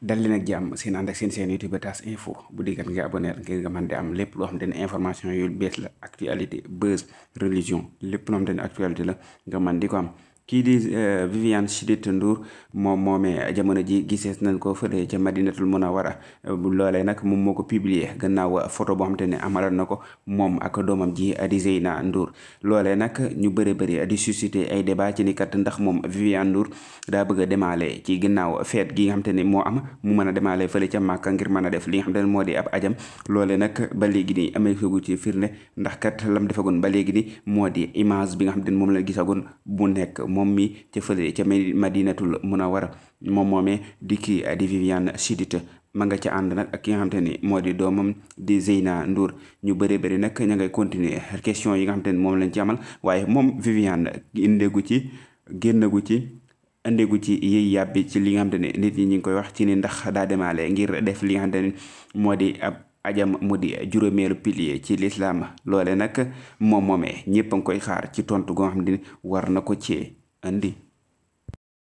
dal nag ak jàmm seen ànd ak seen seen youtube tas info bu diggat nga abonné nga mën am lépp loo xam te ne information yu bees la actualité buzz religion lépp loo xam te actualité la nga mën di ko am kii di eh, Viviane Chidid nduur moom moomee jamono ji gisees nañ ko fële ca Madinatul Munawara loolee nag moom moo ko publier gannaaw photo boo xam te ne amaloon na ko moom ak doomam ji di Zeyna Ndour loolee nag ñu bëri bëri di susciter ay débat ci ni kat ndax moom Viviane Ndour daa bëgg demaale ci gannaaw feet gi xam te ne moo am mu mën a demaale fële ca Màkka ngir mën a def li nga xam te ne moo di ab ajam loolee nag ba léegi nii amee gu ci firnde ndax kat lam defagoon ba léegi ni moo di image bi nga xam te ne moom la gisagoon bu nekk moom mi ca fële ca madinatul munawara moom moomee di kii di Viviane Chidid ma nga ca ànd nag ak ki nga xamante ni moo di doomam di Zeyna Ndour ñu bëree bëri nag ña ngay continuer question yi nga xamante ni moom lañ ci amal waaye moom Viviane indeegu ci génnagu ci indegu ci yëy yàbbi ci li nga xamante ne nit ñi ñu ngi koy wax ci ni ndax daa demaale ngir def li nga xamante moo di ab ajam mu di juróomeelu pilier ci lislaam loole nag moom moomee ñëpp a ngi koy xaar ci tontu goo xam ne war na ko ci andi